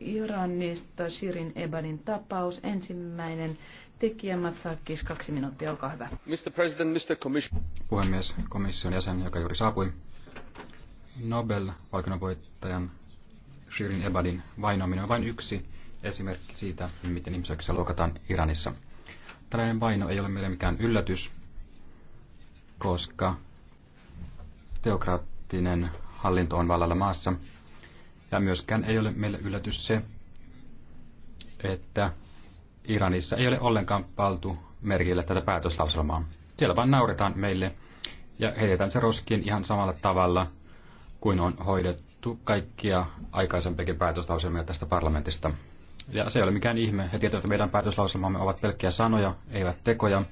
Iranista, Shirin Ebanin tapaus, ensimmäinen tekijä Matsakis, kaksi minuuttia, olkaa hyvä. Mr. President, Mr. Commission. Puhemies, komission jäsen, joka juuri saapui. Nobel-palkinnonvoittajan Shirin Ebadin vainoaminen on vain yksi esimerkki siitä, miten ihmisoikeuksia luokataan Iranissa. Tällainen vaino ei ole meille mikään yllätys, koska teokraattinen hallinto on vallalla maassa – ja myöskään ei ole meille yllätys se, että Iranissa ei ole ollenkaan paltu merkillä tätä päätöslauselmaa. Siellä vaan nauretaan meille ja heitetään se roskiin ihan samalla tavalla kuin on hoidettu kaikkia aikaisempiakin päätöslauselmia tästä parlamentista. Ja se ei ole mikään ihme. He tietävät, että meidän päätöslauselmamme ovat pelkkiä sanoja, eivät tekoja.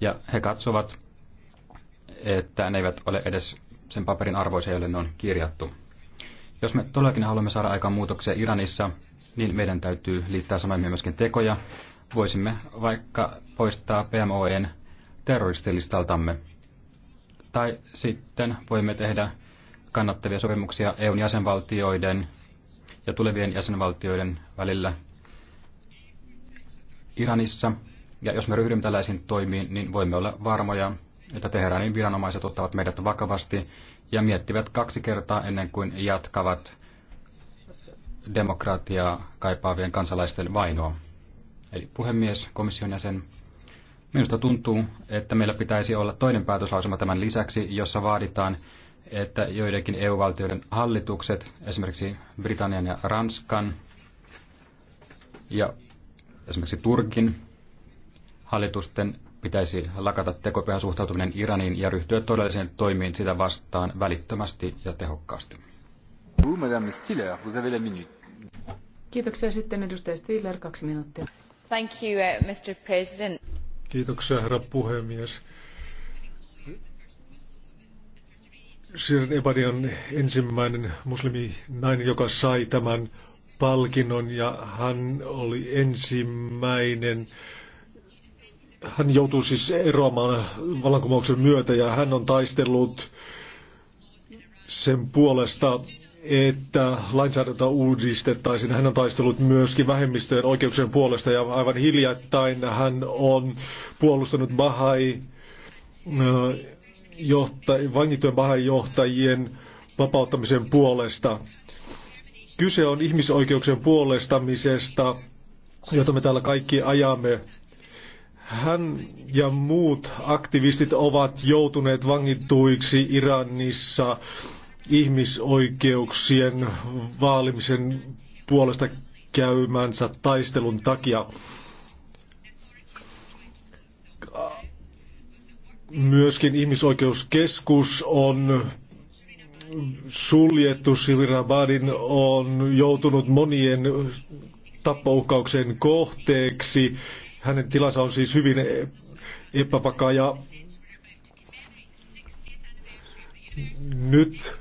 Ja he katsovat, että ne eivät ole edes sen paperin arvoisia, joille ne on kirjattu. Jos me todellakin haluamme saada aikaan muutoksia Iranissa, niin meidän täytyy liittää sanoimia myöskin tekoja. Voisimme vaikka poistaa PMOen terroristilistaltamme. Tai sitten voimme tehdä kannattavia sopimuksia EUn jäsenvaltioiden ja tulevien jäsenvaltioiden välillä Iranissa. Ja jos me ryhdymme tällaisiin toimiin, niin voimme olla varmoja, että Teheranin viranomaiset ottavat meidät vakavasti ja miettivät kaksi kertaa ennen kuin jatkavat demokratiaa kaipaavien kansalaisten vainoa. Eli puhemies, komission jäsen, minusta tuntuu, että meillä pitäisi olla toinen päätöslausuma tämän lisäksi, jossa vaaditaan, että joidenkin EU-valtioiden hallitukset, esimerkiksi Britannian ja Ranskan ja esimerkiksi Turkin hallitusten pitäisi lakata tekopyhä suhtautuminen Iraniin ja ryhtyä todelliseen toimiin sitä vastaan välittömästi ja tehokkaasti. Kiitoksia sitten edustaja Stiller, kaksi minuuttia. Thank you, uh, Mr. President. Kiitoksia, herra puhemies. Sirin Ebadi on ensimmäinen nainen, joka sai tämän palkinnon ja hän oli ensimmäinen äh, hän joutuu siis eroamaan vallankumouksen myötä ja hän on taistellut sen puolesta, että lainsäädäntö uudistettaisiin. Hän on taistellut myöskin vähemmistöjen oikeuksien puolesta ja aivan hiljattain hän on puolustanut Bahai, äh, vangittujen Bahai johtajien vapauttamisen puolesta. Kyse on ihmisoikeuksien puolestamisesta, jota me täällä kaikki ajamme hän ja muut aktivistit ovat joutuneet vangittuiksi Iranissa ihmisoikeuksien vaalimisen puolesta käymänsä taistelun takia. Myöskin ihmisoikeuskeskus on suljettu. Sivirabadin on joutunut monien tappouhkauksen kohteeksi hänen tilansa on siis hyvin e- epävakaa ja nyt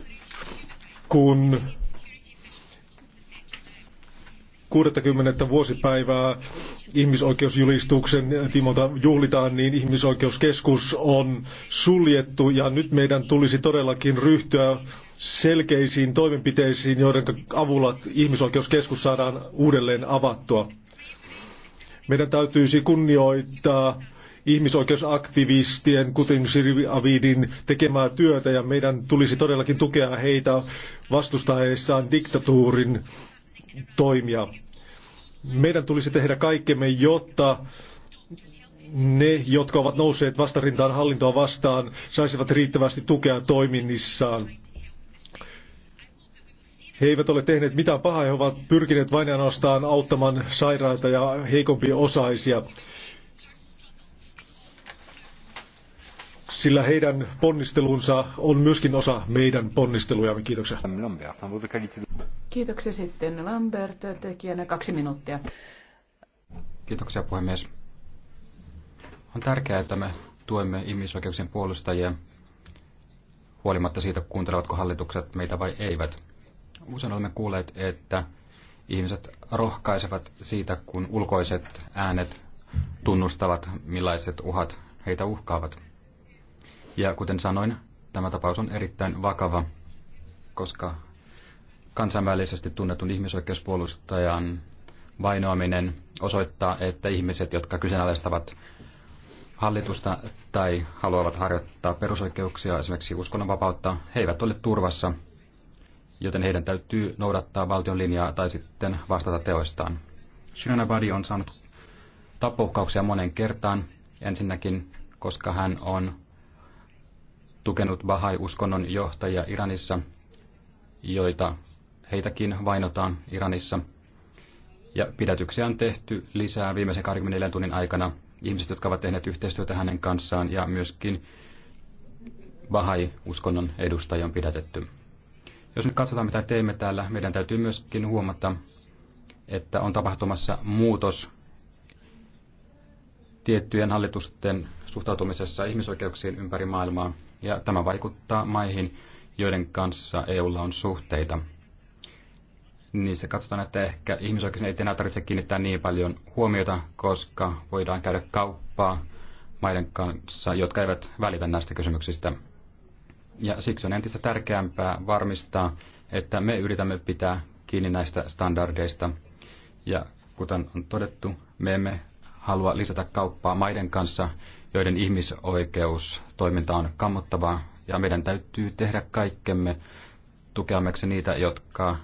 kun 60. vuosipäivää ihmisoikeusjulistuksen tiimolta juhlitaan, niin ihmisoikeuskeskus on suljettu ja nyt meidän tulisi todellakin ryhtyä selkeisiin toimenpiteisiin, joiden avulla ihmisoikeuskeskus saadaan uudelleen avattua. Meidän täytyisi kunnioittaa ihmisoikeusaktivistien, kuten Sirvi Avidin, tekemää työtä ja meidän tulisi todellakin tukea heitä vastustaessaan diktatuurin toimia. Meidän tulisi tehdä kaikkemme, jotta ne, jotka ovat nousseet vastarintaan hallintoa vastaan, saisivat riittävästi tukea toiminnissaan. He eivät ole tehneet mitään pahaa, he ovat pyrkineet vain ainoastaan auttamaan sairaita ja heikompia osaisia. Sillä heidän ponnistelunsa on myöskin osa meidän ponnistelujamme. Kiitoksia. Kiitoksia sitten Lambert, tekijänä kaksi minuuttia. Kiitoksia puhemies. On tärkeää, että me tuemme ihmisoikeuksien puolustajia huolimatta siitä, kuuntelevatko hallitukset meitä vai eivät. Usein olemme kuulleet, että ihmiset rohkaisevat siitä, kun ulkoiset äänet tunnustavat, millaiset uhat heitä uhkaavat. Ja kuten sanoin, tämä tapaus on erittäin vakava, koska kansainvälisesti tunnetun ihmisoikeuspuolustajan vainoaminen osoittaa, että ihmiset, jotka kyseenalaistavat hallitusta tai haluavat harjoittaa perusoikeuksia, esimerkiksi uskonnonvapautta, he eivät ole turvassa joten heidän täytyy noudattaa valtion linjaa tai sitten vastata teoistaan. Shionabadi on saanut tappoukkauksia monen kertaan, ensinnäkin koska hän on tukenut Bahai-uskonnon johtajia Iranissa, joita heitäkin vainotaan Iranissa. Ja pidätyksiä on tehty lisää viimeisen 24 tunnin aikana ihmiset, jotka ovat tehneet yhteistyötä hänen kanssaan ja myöskin Bahai-uskonnon edustajia on pidätetty. Jos nyt katsotaan, mitä teemme täällä, meidän täytyy myöskin huomata, että on tapahtumassa muutos tiettyjen hallitusten suhtautumisessa ihmisoikeuksiin ympäri maailmaa, ja tämä vaikuttaa maihin, joiden kanssa EUlla on suhteita. Niissä katsotaan, että ehkä ihmisoikeuksien ei enää tarvitse kiinnittää niin paljon huomiota, koska voidaan käydä kauppaa maiden kanssa, jotka eivät välitä näistä kysymyksistä. Ja siksi on entistä tärkeämpää varmistaa, että me yritämme pitää kiinni näistä standardeista. Ja kuten on todettu, me emme halua lisätä kauppaa maiden kanssa, joiden ihmisoikeustoiminta on kammottavaa, ja meidän täytyy tehdä kaikkemme tukeammeksi niitä, jotka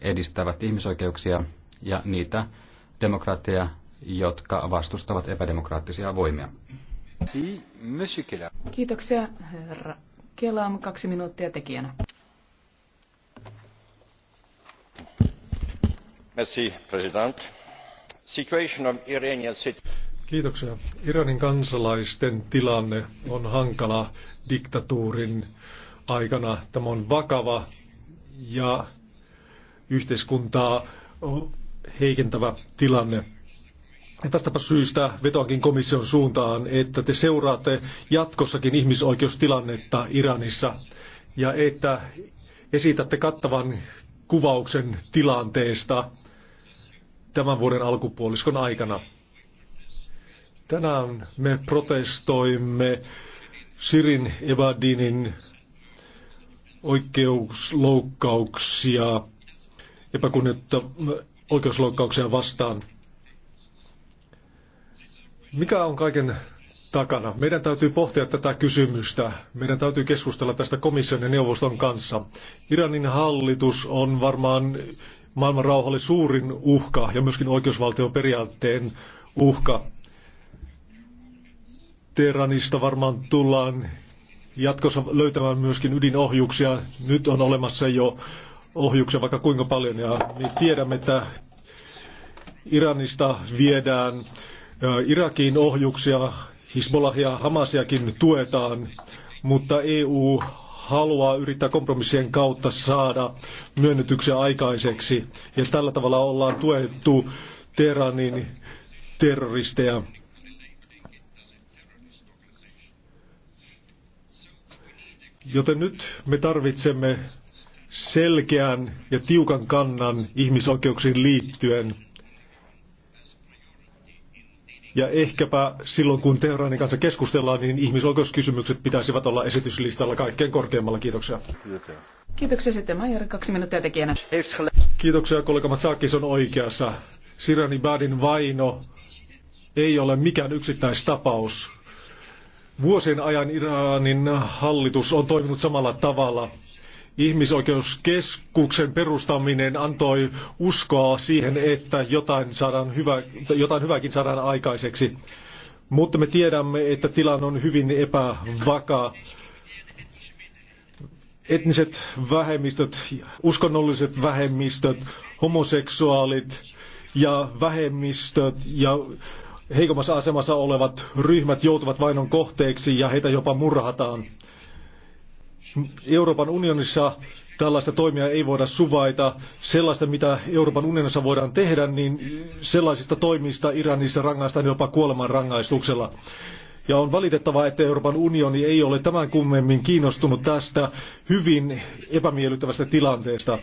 edistävät ihmisoikeuksia ja niitä demokraatteja, jotka vastustavat epädemokraattisia voimia. Kiitoksia, herra Kelam kaksi minuuttia tekijänä. Merci, president. Situation of Iranian city. Kiitoksia. Iranin kansalaisten tilanne on hankala diktatuurin aikana. Tämä on vakava ja yhteiskuntaa heikentävä tilanne. Ja tästäpä syystä vetoakin komission suuntaan, että te seuraatte jatkossakin ihmisoikeustilannetta Iranissa ja että esitätte kattavan kuvauksen tilanteesta tämän vuoden alkupuoliskon aikana. Tänään me protestoimme Sirin Evadinin oikeusloukkauksia, epäkunnioittavia oikeusloukkauksia vastaan – mikä on kaiken takana? Meidän täytyy pohtia tätä kysymystä. Meidän täytyy keskustella tästä komission ja neuvoston kanssa. Iranin hallitus on varmaan maailman rauhalle suurin uhka ja myöskin oikeusvaltioperiaatteen uhka. Teheranista varmaan tullaan jatkossa löytämään myöskin ydinohjuksia. Nyt on olemassa jo ohjuksia vaikka kuinka paljon ja me tiedämme, että Iranista viedään Irakiin ohjuksia, Hisbollahia ja Hamasiakin tuetaan, mutta EU haluaa yrittää kompromissien kautta saada myönnytyksiä aikaiseksi. Ja tällä tavalla ollaan tuettu Teheranin terroristeja. Joten nyt me tarvitsemme selkeän ja tiukan kannan ihmisoikeuksiin liittyen. Ja ehkäpä silloin, kun Tehranin kanssa keskustellaan, niin ihmisoikeuskysymykset pitäisivät olla esityslistalla kaikkein korkeammalla Kiitoksia. Kiitoksia sitten Maijer, kaksi minuuttia tekijänä. Kiitoksia kollega Matsakis on oikeassa. Sirani Badin vaino ei ole mikään yksittäistapaus. Vuosien ajan Iranin hallitus on toiminut samalla tavalla ihmisoikeuskeskuksen perustaminen antoi uskoa siihen, että jotain, saadaan hyvä, jotain hyväkin saadaan aikaiseksi. Mutta me tiedämme, että tilanne on hyvin epävakaa. Etniset vähemmistöt, uskonnolliset vähemmistöt, homoseksuaalit ja vähemmistöt ja heikommassa asemassa olevat ryhmät joutuvat vainon kohteeksi ja heitä jopa murhataan. Euroopan unionissa tällaista toimia ei voida suvaita. Sellaista, mitä Euroopan unionissa voidaan tehdä, niin sellaisista toimista Iranissa rangaistaan jopa kuoleman rangaistuksella. Ja on valitettavaa, että Euroopan unioni ei ole tämän kummemmin kiinnostunut tästä hyvin epämiellyttävästä tilanteesta.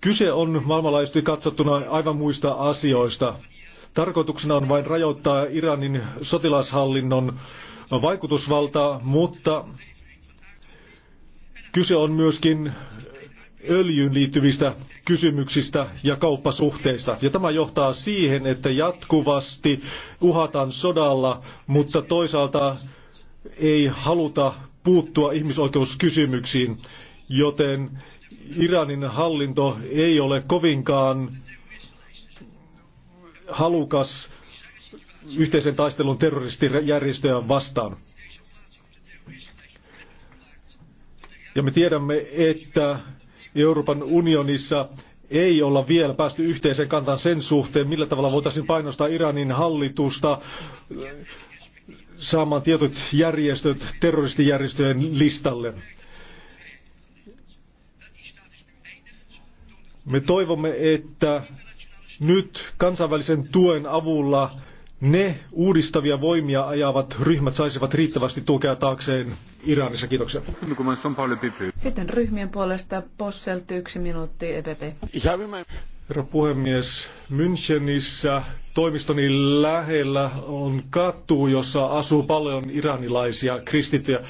Kyse on maailmanlaajuisesti katsottuna aivan muista asioista. Tarkoituksena on vain rajoittaa Iranin sotilashallinnon vaikutusvaltaa, mutta Kyse on myöskin öljyyn liittyvistä kysymyksistä ja kauppasuhteista. Ja tämä johtaa siihen, että jatkuvasti uhataan sodalla, mutta toisaalta ei haluta puuttua ihmisoikeuskysymyksiin, joten Iranin hallinto ei ole kovinkaan halukas yhteisen taistelun terroristijärjestöjä vastaan. Ja me tiedämme, että Euroopan unionissa ei olla vielä päästy yhteiseen kantaan sen suhteen, millä tavalla voitaisiin painostaa Iranin hallitusta saamaan tietyt järjestöt terroristijärjestöjen listalle. Me toivomme, että nyt kansainvälisen tuen avulla ne uudistavia voimia ajavat ryhmät saisivat riittävästi tukea taakseen Iranissa. Kiitoksia. E. Sitten ryhmien puolesta posselti yksi minuutti EPP. Herra puhemies, Münchenissä toimistoni lähellä on katu, jossa asuu paljon iranilaisia kristittyjä.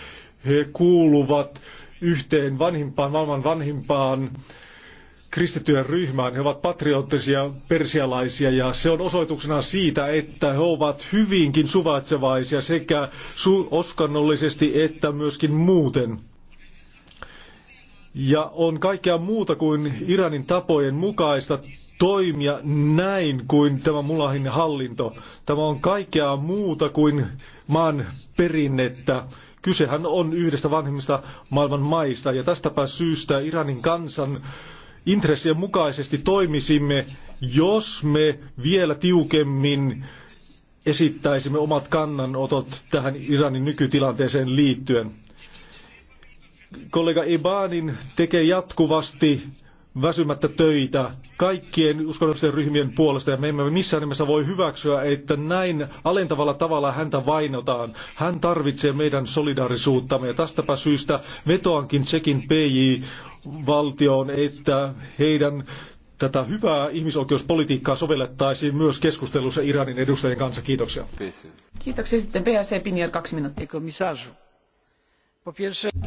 He kuuluvat yhteen vanhimpaan, maailman vanhimpaan kristittyjen ryhmään. He ovat patriottisia persialaisia ja se on osoituksena siitä, että he ovat hyvinkin suvaitsevaisia sekä su- oskannollisesti että myöskin muuten. Ja on kaikkea muuta kuin Iranin tapojen mukaista toimia näin kuin tämä Mulahin hallinto. Tämä on kaikkea muuta kuin maan perinnettä. Kysehän on yhdestä vanhimmista maailman maista ja tästäpä syystä Iranin kansan intressien mukaisesti toimisimme, jos me vielä tiukemmin esittäisimme omat kannanotot tähän Iranin nykytilanteeseen liittyen. Kollega Ibanin tekee jatkuvasti väsymättä töitä kaikkien uskonnollisten ryhmien puolesta ja me emme missään nimessä voi hyväksyä, että näin alentavalla tavalla häntä vainotaan. Hän tarvitsee meidän solidaarisuuttamme ja tästäpä syystä vetoankin Tsekin PJ-valtioon, että heidän tätä hyvää ihmisoikeuspolitiikkaa sovellettaisiin myös keskustelussa Iranin edustajien kanssa. Kiitoksia. Kiitoksia sitten PSC Pinier kaksi minuuttia.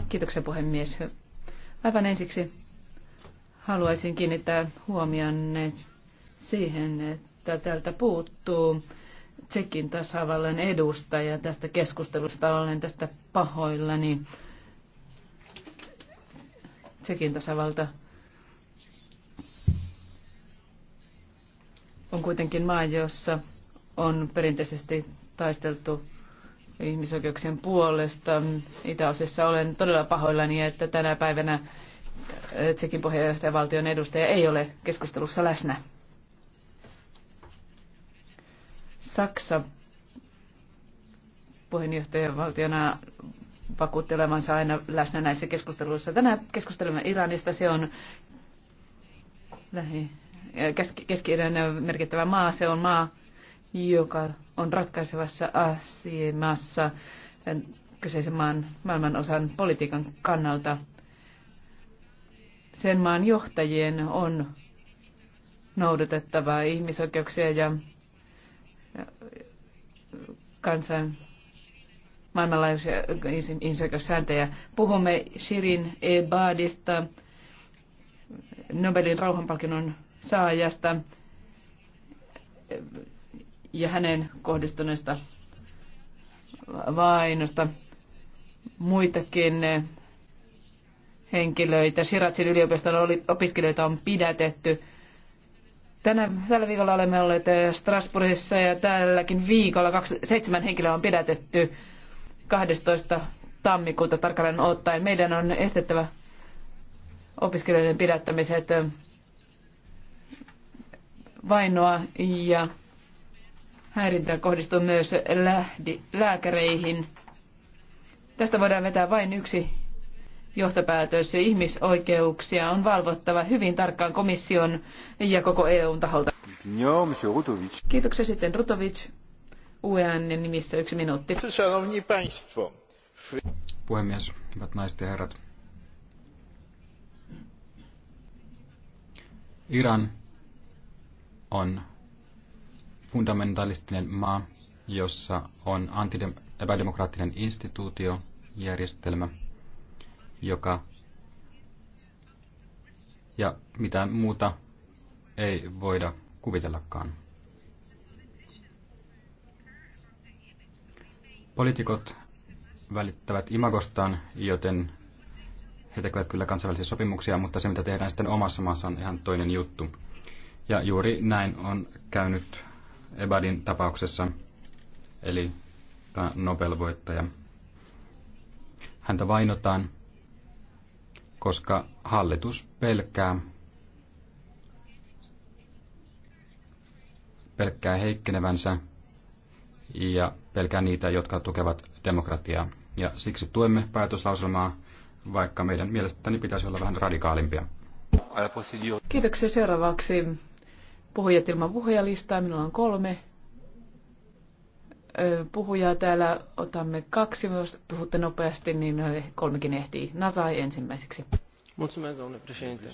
Kiitoksia puhemies. Aivan ensiksi Haluaisin kiinnittää huomionne siihen, että täältä puuttuu Tsekin tasavallan edustaja tästä keskustelusta. Olen tästä pahoillani. Tsekin tasavalta on kuitenkin maa, jossa on perinteisesti taisteltu ihmisoikeuksien puolesta. Itäosissa olen todella pahoillani, että tänä päivänä Tsekin puheenjohtajavaltion edustaja ei ole keskustelussa läsnä. Saksa puheenjohtajavaltiona vakuutti olevansa aina läsnä näissä keskusteluissa. Tänään keskustelemme Iranista. Se on lähi, keski merkittävä maa. Se on maa, joka on ratkaisevassa asemassa kyseisen maan, maailman osan politiikan kannalta sen maan johtajien on noudatettava ihmisoikeuksia ja kansan maailmanlaajuisia ihmisoikeussääntöjä. Puhumme Shirin Ebadista, Nobelin rauhanpalkinnon saajasta ja hänen kohdistuneesta vainosta. Muitakin henkilöitä. Shirazin yliopiston opiskelijoita on pidätetty. Tänä, tällä viikolla olemme olleet eh, Strasbourgissa ja tälläkin viikolla kaksi, seitsemän henkilöä on pidätetty 12. tammikuuta tarkalleen ottaen. Meidän on estettävä opiskelijoiden pidättämiset eh, vainoa ja häirintää kohdistuu myös lääkäreihin. Tästä voidaan vetää vain yksi johtopäätös. Ihmisoikeuksia on valvottava hyvin tarkkaan komission ja koko EUn taholta. Joo, no, monsieur Rutovic. Kiitoksia sitten Rutovic. UN e nimissä yksi minuutti. Puhemies, hyvät naiset ja herrat. Iran on fundamentalistinen maa, jossa on epädemokraattinen instituutio, järjestelmä – joka ja mitään muuta ei voida kuvitellakaan. Poliitikot välittävät imagostaan, joten he tekevät kyllä kansainvälisiä sopimuksia, mutta se mitä tehdään sitten omassa maassa on ihan toinen juttu. Ja juuri näin on käynyt Ebadin tapauksessa, eli tämä Nobel-voittaja. Häntä vainotaan koska hallitus pelkää, pelkää heikkenevänsä ja pelkää niitä, jotka tukevat demokratiaa. Ja siksi tuemme päätöslauselmaa, vaikka meidän mielestäni pitäisi olla vähän radikaalimpia. Kiitoksia seuraavaksi puhujat ilman puhujalistaa. Minulla on kolme puhujaa täällä. Otamme kaksi, jos puhutte nopeasti, niin kolmekin ehtii. Nasai ensimmäiseksi. Mulțumesc, domnule președinte.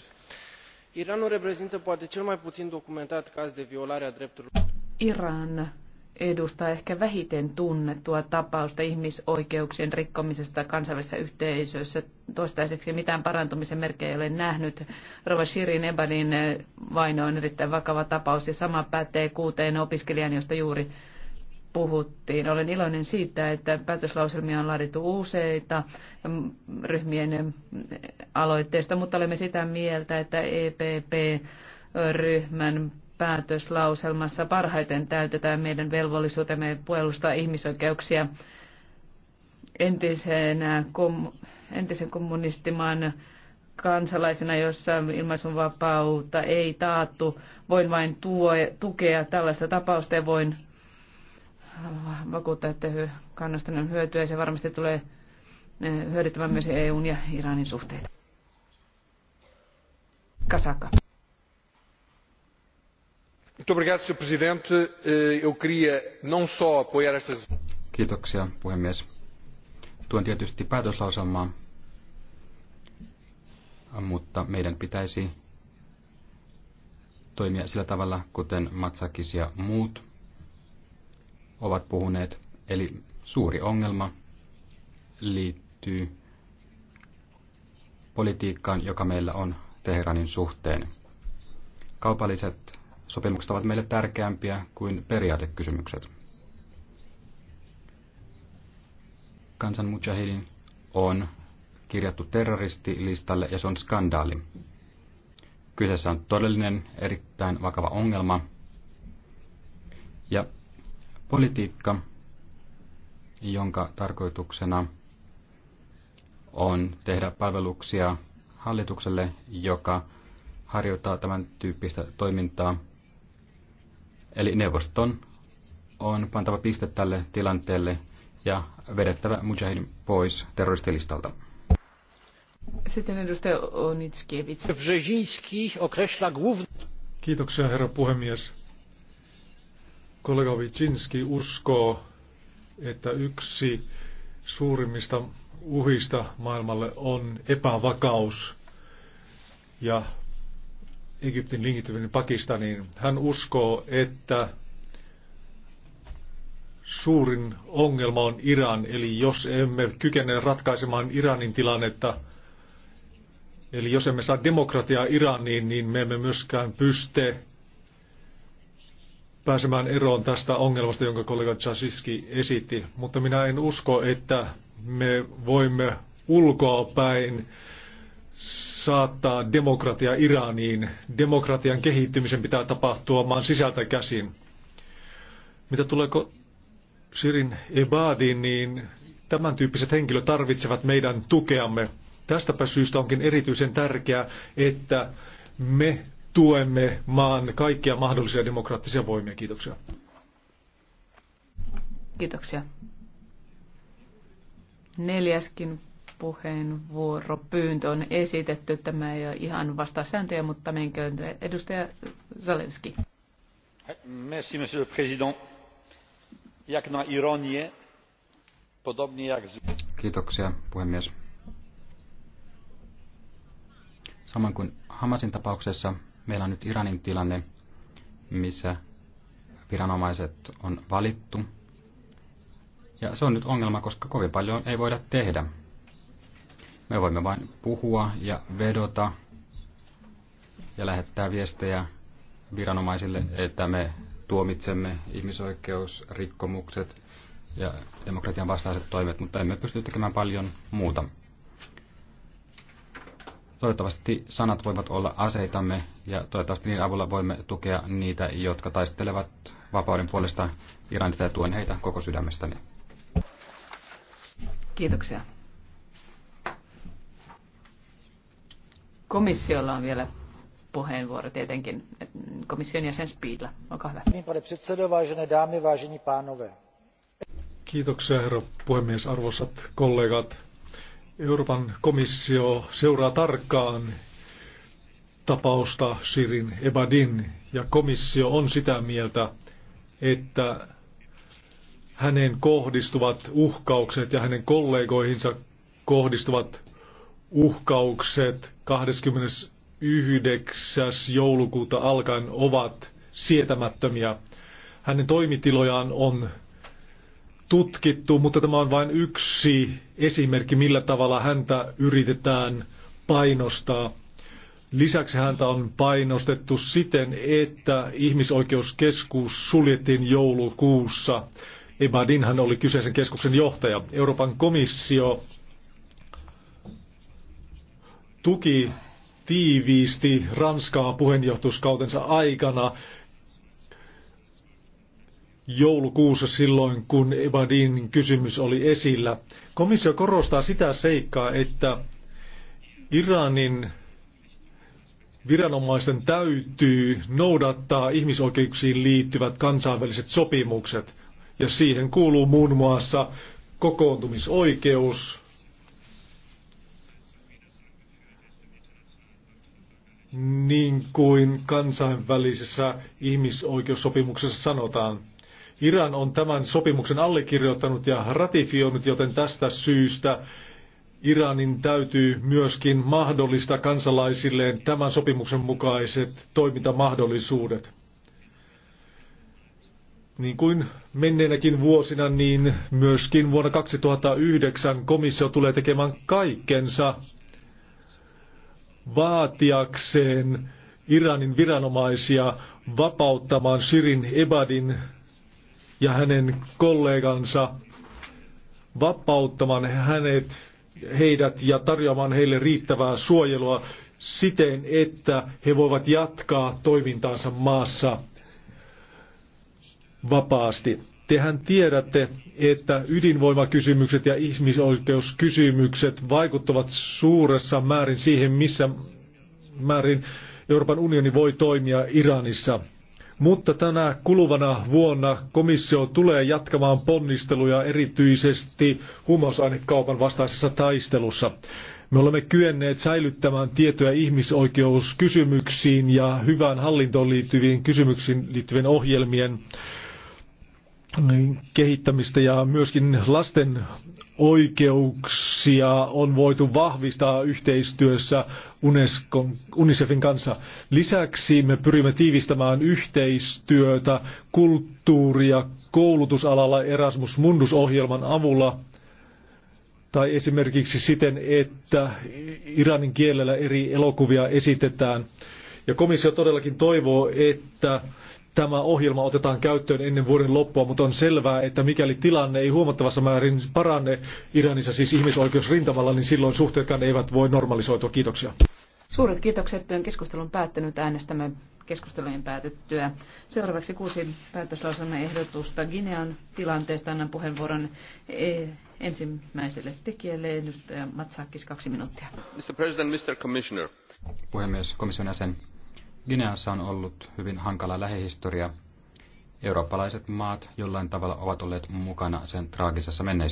Iranul reprezintă poate cel mai puțin documentat caz de violare a drepturilor. Iran edustaa ehkä vähiten tunnettua tapausta ihmisoikeuksien rikkomisesta kansainvälisessä yhteisössä. Toistaiseksi mitään parantumisen merkkejä ei ole nähnyt. Rova Shirin Ebanin vaino on erittäin vakava tapaus ja sama pätee kuuteen opiskelijan, josta juuri puhuttiin. Olen iloinen siitä, että päätöslauselmia on laadittu useita ryhmien aloitteista, mutta olemme sitä mieltä, että EPP-ryhmän päätöslauselmassa parhaiten täytetään meidän velvollisuutemme puolustaa ihmisoikeuksia entisenä, kom, entisen kommunistimaan kansalaisena, jossa ilmaisunvapautta ei taattu. Voin vain tuo, tukea tällaista tapausta ja voin vakuuttaa, että kannastanne on hyötyä ja se varmasti tulee eh, hyödyttämään myös EUn ja Iranin suhteita. Kasaka. Eh, Kiitoksia, puhemies. Tuon tietysti päätöslausamaa, mutta meidän pitäisi toimia sillä tavalla, kuten Matsakis ja muut ovat puhuneet. Eli suuri ongelma liittyy politiikkaan, joka meillä on Teheranin suhteen. Kaupalliset sopimukset ovat meille tärkeämpiä kuin periaatekysymykset. Kansan Mujahidin on kirjattu terroristilistalle ja se on skandaali. Kyseessä on todellinen, erittäin vakava ongelma. Ja politiikka, jonka tarkoituksena on tehdä palveluksia hallitukselle, joka harjoittaa tämän tyyppistä toimintaa. Eli neuvoston on pantava piste tälle tilanteelle ja vedettävä Mujahin pois terroristilistalta. Sitten edustaja Onitskiewicz. Kiitoksia herra puhemies. Kollega Vicinski uskoo, että yksi suurimmista uhista maailmalle on epävakaus ja Egyptin linkittyminen Pakistaniin. Hän uskoo, että suurin ongelma on Iran, eli jos emme kykene ratkaisemaan Iranin tilannetta, eli jos emme saa demokratiaa Iraniin, niin me emme myöskään pysty pääsemään eroon tästä ongelmasta, jonka kollega Chasiski esitti. Mutta minä en usko, että me voimme ulkoa päin saattaa demokratia Iraniin. Demokratian kehittymisen pitää tapahtua maan sisältä käsin. Mitä tuleeko Sirin Ebadiin, niin tämän tyyppiset henkilöt tarvitsevat meidän tukeamme. Tästäpä syystä onkin erityisen tärkeää, että me tuemme maan kaikkia mahdollisia demokraattisia voimia. Kiitoksia. Kiitoksia. Neljäskin puheenvuoropyyntö on esitetty. Tämä ei ole ihan vasta sääntöjä, mutta menköön edustaja Zalenski. Merci, monsieur le président. Jak na ironię, podobnie jak... Kiitoksia, puhemies. Samoin kuin Hamasin tapauksessa Meillä on nyt Iranin tilanne, missä viranomaiset on valittu. Ja se on nyt ongelma, koska kovin paljon ei voida tehdä. Me voimme vain puhua ja vedota ja lähettää viestejä viranomaisille, että me tuomitsemme ihmisoikeusrikkomukset ja demokratian vastaiset toimet, mutta emme pysty tekemään paljon muuta. Toivottavasti sanat voivat olla aseitamme ja toivottavasti niiden avulla voimme tukea niitä, jotka taistelevat vapauden puolesta Iranista ja tuen heitä koko sydämestäni. Kiitoksia. Komissiolla on vielä puheenvuoro tietenkin. Komission jäsen Spiidla, olkaa hyvä. Kiitoksia herra puhemies, arvoisat kollegat. Euroopan komissio seuraa tarkkaan tapausta Sirin Ebadin ja komissio on sitä mieltä, että hänen kohdistuvat uhkaukset ja hänen kollegoihinsa kohdistuvat uhkaukset 29. joulukuuta alkaen ovat sietämättömiä. Hänen toimitilojaan on tutkittu, mutta tämä on vain yksi esimerkki, millä tavalla häntä yritetään painostaa. Lisäksi häntä on painostettu siten, että ihmisoikeuskeskus suljettiin joulukuussa. Ebadinhan oli kyseisen keskuksen johtaja. Euroopan komissio tuki tiiviisti Ranskaa puheenjohtuuskautensa aikana joulukuussa silloin, kun Evadin kysymys oli esillä. Komissio korostaa sitä seikkaa, että Iranin viranomaisten täytyy noudattaa ihmisoikeuksiin liittyvät kansainväliset sopimukset. Ja siihen kuuluu muun muassa kokoontumisoikeus, niin kuin kansainvälisessä ihmisoikeussopimuksessa sanotaan. Iran on tämän sopimuksen allekirjoittanut ja ratifioinut, joten tästä syystä Iranin täytyy myöskin mahdollistaa kansalaisilleen tämän sopimuksen mukaiset toimintamahdollisuudet. Niin kuin menneenäkin vuosina, niin myöskin vuonna 2009 komissio tulee tekemään kaikkensa vaatiakseen Iranin viranomaisia vapauttamaan Shirin Ebadin ja hänen kollegansa vapauttamaan hänet, heidät ja tarjoamaan heille riittävää suojelua siten, että he voivat jatkaa toimintaansa maassa vapaasti. Tehän tiedätte, että ydinvoimakysymykset ja ihmisoikeuskysymykset vaikuttavat suuressa määrin siihen, missä määrin Euroopan unioni voi toimia Iranissa. Mutta tänä kuluvana vuonna komissio tulee jatkamaan ponnisteluja erityisesti huumausainekaupan vastaisessa taistelussa. Me olemme kyenneet säilyttämään tietoja ihmisoikeuskysymyksiin ja hyvään hallintoon liittyviin kysymyksiin liittyvien ohjelmien kehittämistä ja myöskin lasten oikeuksia on voitu vahvistaa yhteistyössä Unescon, UNICEFin kanssa. Lisäksi me pyrimme tiivistämään yhteistyötä kulttuuri- ja koulutusalalla Erasmus Mundus-ohjelman avulla tai esimerkiksi siten, että iranin kielellä eri elokuvia esitetään. Ja komissio todellakin toivoo, että tämä ohjelma otetaan käyttöön ennen vuoden loppua, mutta on selvää, että mikäli tilanne ei huomattavassa määrin parane Iranissa siis ihmisoikeusrintamalla, niin silloin suhteetkaan eivät voi normalisoitua. Kiitoksia. Suuret kiitokset. Keskustelun päättänyt äänestämme keskustelujen päätyttyä. Seuraavaksi kuusi päätöslauselman ehdotusta Ginean tilanteesta. Annan puheenvuoron e, ensimmäiselle tekijälle, edustaja Matsakis, kaksi minuuttia. Mr. President, Mr. Commissioner. Puhemies, komission jäsen. Gineassa on ollut hyvin hankala lähihistoria. Eurooppalaiset maat jollain tavalla ovat olleet mukana sen traagisessa menneisyydessä.